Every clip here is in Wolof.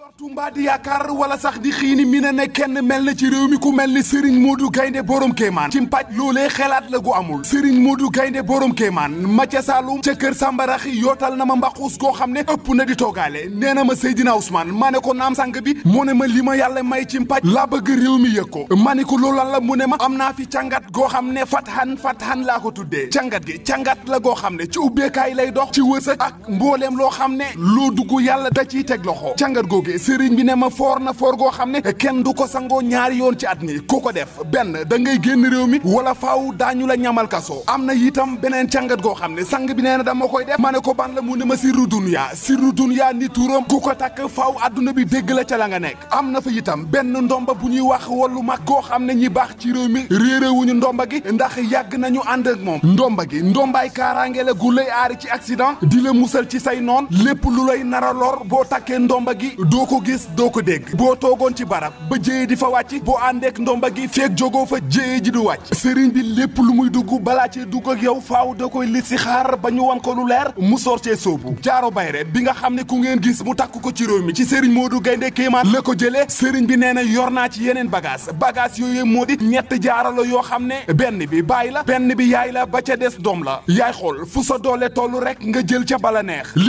njortu mbaa di yaakaar wala sax di xiini mi ne na kenn mel na ci réew mi ku mel ni Serigne Modou Gaynde borom Kéemaan ci mpaj loolee xelaat la gu amul Serigne Modou Gaynde borom Kéemaan ma ca Saalum ca kër Sàmbaraxi yootal na ma mbaxuus goo xam ne ëpp na di toogaale nee na ma Seydina Ousmane maa ne ko naam sang bi mu ne ma li ma yàlla may ci mpaj laa bëgg réew mi yëg ko ma ne ko loolal la mu ne ma am naa fi càngat goo xam ne fat fatxan xan laa ko tuddee càngat gi càngat la goo xam ne ci ubbeekaay lay dox ci wërsëg ak mbooleem loo xam ne loo dugg yàlla da ciy teg càngat googu dégg sëriñ bi ne ma foor na foor goo xam ne kenn du ko sangoo ñaari yoon ci at mi ku ko def benn da ngay génn réew mi wala faaw daañu la ñamal kaso am na itam beneen càngat goo xam ne sang bi nee na dama koy def ma ne ko ban la mu ne ma sirru dunya sirru dunya ni turam ku ko takk faaw àdduna bi dégg la ca la nga nekk am na fa itam benn ndomba bu ñuy wax wallu mag goo xam ne ñi baax ci réew mi réeréewuñu ndomba gi ndax yàgg nañu ànd ak moom ndomba gi ndombaay kaaraange la gu ci accident di la musal ci say noon lépp lu lay nara lor boo takkee ndomba gi doo ko gis doo ko dégg boo toogoon ci barab ba jéye di fa wàcc boo àndeek ndomba gi feeg jógoo fa jéye ji du wàcc sëriñ bi lépp lu muy dugg balaa cee dugg ak yow faaw doo koy si listixaar ba ñu wan ko lu leer mu soor cee soobu jaaro bayre bi nga xam ne ku ngeen gis mu takk ko ci réew mi ci sëriñ Modou Gaynde Kéemaan la ko jëlee sëriñ bi nee na yor naa ci yeneen bagage bagage yooyu moo di ñett jaaro la yoo xam ne benn bi bàyyi la benn bi yaay la ba ca des doom la yaay xool fu sa doole toll rek nga jël ca bala neex li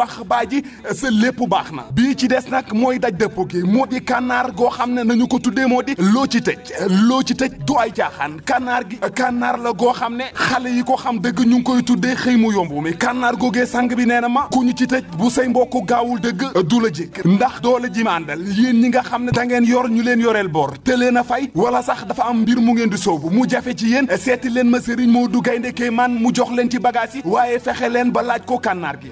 wax baa sa lépp baax na bii ci des nag mooy daj dëpp gi moo di kànnaar goo xam ne nañu ko tuddee moo di loo ci tëj loo ci tëj du ay caaxaan kànnaar gi kànnaar la goo xam ne xale yi ko xam dëgg ñu ngi koy tuddee xëy mu yombu mi kànnaar googee sang bi nee na ma ku ñu ci tëj bu say mbokk gaawul dëgg du la jëkk ndax doole ji ma àndal yéen ñi nga xam ne da ngeen yor ñu leen yoreel boor te leen a fay wala sax dafa am mbir mu ngeen di soobu mu jafe ci yéen seeti leen ma sëriñ Modou Gaynde Kéemaan mu jox leen ci bagage yi waaye ko kànnaar gi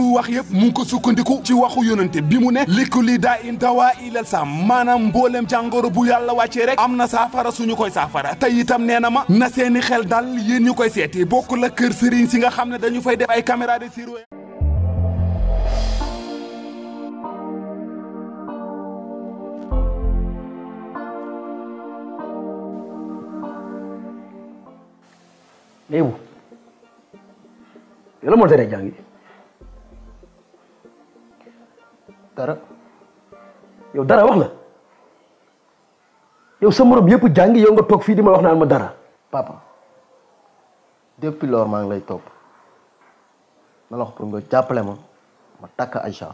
muy wax yëpp mu ngi ko sukkandiku ci waxu yónente bi mu ne likuli daa in dawaa ilal sa maanaam mboolem jàngoro bu yàlla wàccee rek am na saafara suñu koy saafara tey itam nee na ma na seeni xel daal yéen ñu koy seeti bokk la kër sëriñ si nga xam ne dañu fay def ay caméra de surveillance Dara. yow dara wax la yow sa morom yëpp jàngi yow nga toog fii di ma wax naan ma papa dia pilih orang ngi lay topp na la wax pour nga jàppale ma ma takk Aïcha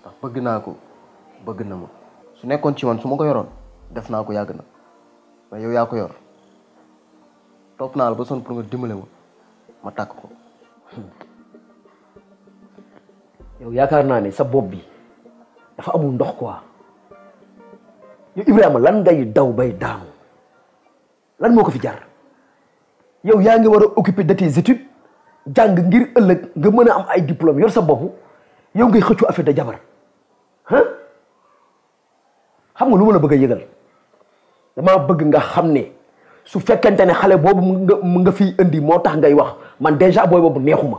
ndax bëgg naa ko bëgg na ma yakin nekkoon ci man yor top naa bosan ba son pour yow yaakaar naa ne sa bopp bi dafa amul ndox quoi yow Ibrahima lan ngay daw bay daanu lan moo ko fi jar yow yaa ngi war a occuper de tes études jàng ngir ëllëg nga mën a am ay diplôme yor sa bopp yow ngay xëccu affaire de jabar ah xam nga lu ma la bëgg a yëgal dama bëgg nga xam ne su fekkente ne xale boobu nga fi indi moo tax ngay wax man déjà booy boobu neexuma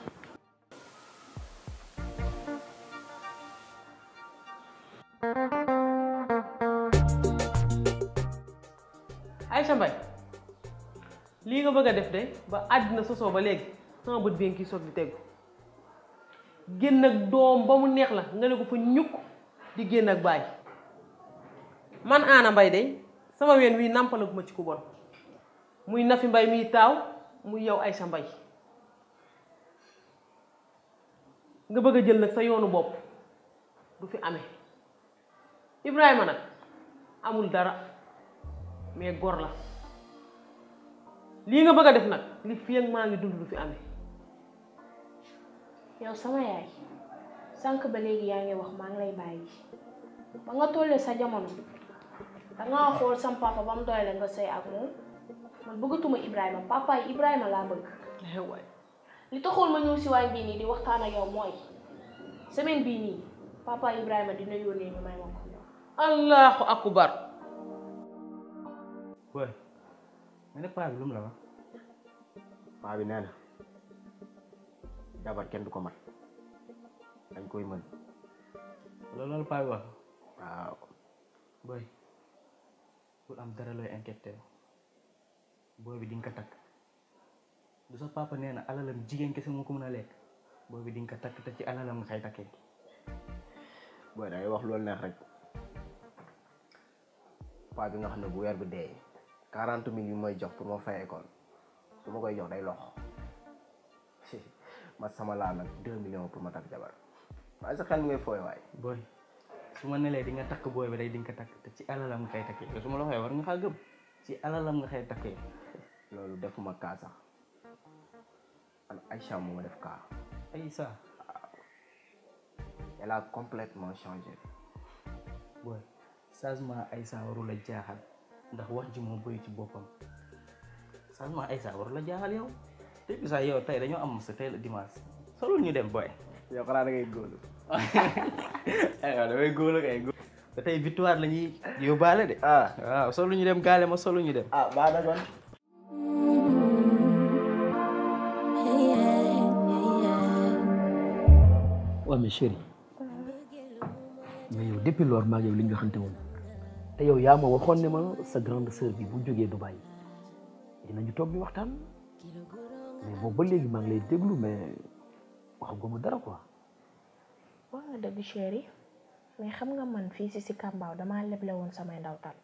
bëgg def de ba àddina sosoo ba léegi sama bët bi ngi kii soog di tegu génn ak doom ba mu neex la nga ne ko fa ñukk di génn ak baay man Anna mbay de sama ween wii nàmpalaguma ci ku bon muy Nafi mbay muy taaw muy yow ay sa mbay nga bëgg a jël nag sa yoonu bopp du fi amee Ibrahima nag amul dara mais góor la li nga bëgg def nak li fi ak ma ngi dund du fi amé yow sama yaay sank ba légui ya nga wax ma ngi lay bayyi ba nga tollé sa jamono nga xol sam papa bam mu nga sey ak mom man bëggatuma Ibrahima papa yi Ibrahima la bëgg li taxol ma ñëw ci way ni di waxtaan ak yow moy semaine bi ni papa Ibrahima dina yónnee ni may ma allahu akbar nga ne paa bi lu mu la wax. paa bi nee jabar kenn du ko mat koy mën. loolu loolu paa bi wax. am dara looy inquiété booy bi di ko takk du sa papa nee na alalam jigéen kese moo ko mën a lekk boo bi di ko takk te ci alalam nga xay takkee. booy day wax lool neex rek paa nga xam ne bu weer bi dee. quarante mille yu may jox pour ma fay école su ma koy jox day loxo ma sama laa nag deux millions pour ma takk jabar waaye sa xel mi ngay fooy waay. booy su ma nelee di nga takk booy bi day di ko te ci alalam nga koy takkee yow su ma la waxee war nga xaa gëm ci nga koy takkee loolu defuma kaa sax man Aïcha moo ma def kaa. Aïcha waaw. elle a complètement changé. booy changement Aïcha warul a jaaxal. ndax wax ji moo bëri ci boppam changement ay saa war la jaaxal yow te bi saa yow tey dañoo am sa tey la dimanche solul ñu dem boy yow xanaa da eh, kay góolu te tey la ñuy yóbbaale de ah waaw ñu dem gaale ma solul ñu dem ah baa da kon waa mais chéri mais yow depuis te yaa ma waxoon ne ma sa grande sœur bi bu jógee Dubaï dinañu toog bi waxtaan mais boobu ba léegi maa ngi lay déglu mais wax nga ma dara ko wax nga dëgg xam nga man fii si si Kambaaw damaa leble woon samay ndawtal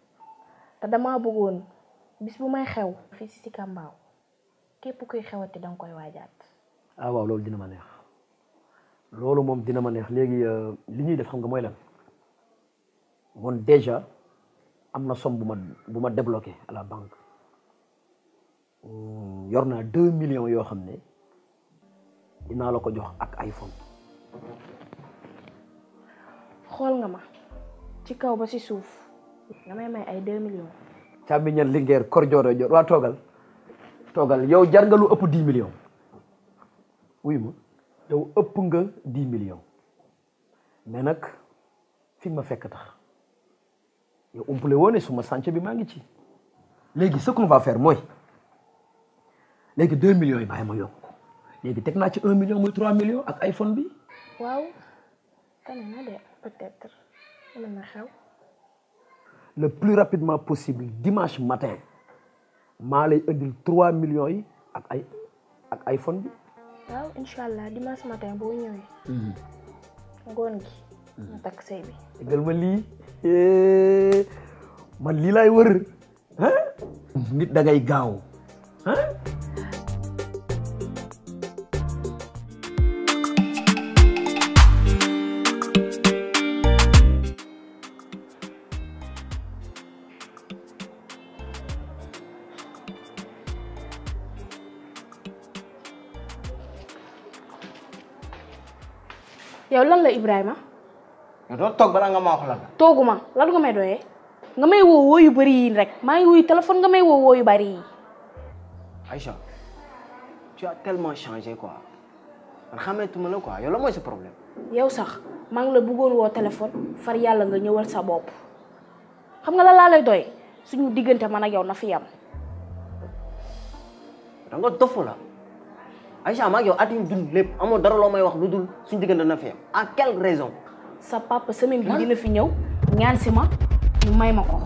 te damaa bëggoon bis bu may xew fii si si képp kuy xewati danga koy waajaat. ah waaw loolu dina ma neex loolu moom dina ma neex léegi euh, li ñuy def xam nga mooy lan moom déjà. amna som buma buma ma débloqué à la banque hmm, yor yorna 2 millions yo xamné dina la ko jox ak iPhone. xol nga ma ci kaw ba ci souf nga may may ay 2 millions. càmmiñal lingeer kor jooro jor wa togal togal yow jar nga lu upp 10 millions oui mo yow upp nga 10 millions mais nak fi ma fekk tax. on peut le voir, sur mon bi mangi ci légui ce qu'on va faire moy légui 2 millions yi bayima yok légui tek ci 1 million moy 3 millions ak iphone bi waaw tan na dé peut-être na xaw le plus rapidement possible dimanche matin ma lay andil 3 millions yi ak ay ak iphone bi waaw inshallah dimanche matin bo ñewé hmm gon gi mm-hmm. ma tak sey bi egal ma li man lii laay wër ah nit da ngay gaaw ah yow lan la Ibrahima yow doo ma wax lan la. tooguma lan nga may doyee nga may woo yu bëri yi rek maa ngi wuyu téléphone nga may woo woo yu bëri yi. Aïcha tu as tellement changé quoi man xameetuma la quoi yow la mooy sa problème. yow sax mang la bëggoon woo téléphone far yàlla nga ñëwal sa bopp xam nga la lay doy suñu diggante man ak yow na fi yam. da nga dofu la Aïcha maa ngi yow at yu dund lépp amoo dara loo may wax suñu na fi yam à quelle raison sa papa semaine bi dina fi ñëw ñaan si ma ñu may ma ko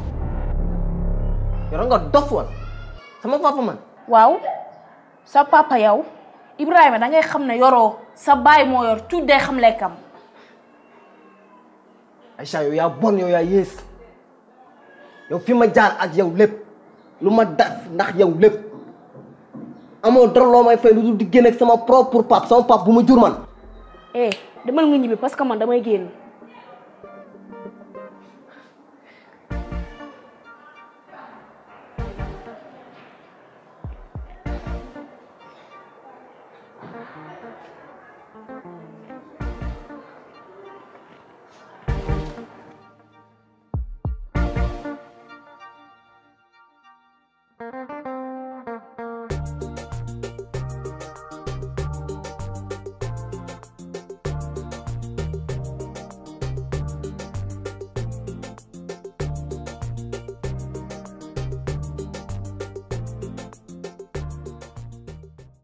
yoro nga dof woon sama papa man wow sa papa yow ibrahima da ngay xam ne yoroo sa baay mo yor tuddee xam lekkam Aïcha yow ya bon yow ya yes yow fi ma jaar ak yow lépp lu ma daf ndax yow lépp amo dara lo may fay lu di génn ak sama propre pap sama pap bu jur man eh demal nga ñibbi parce que man damay génn Thank you.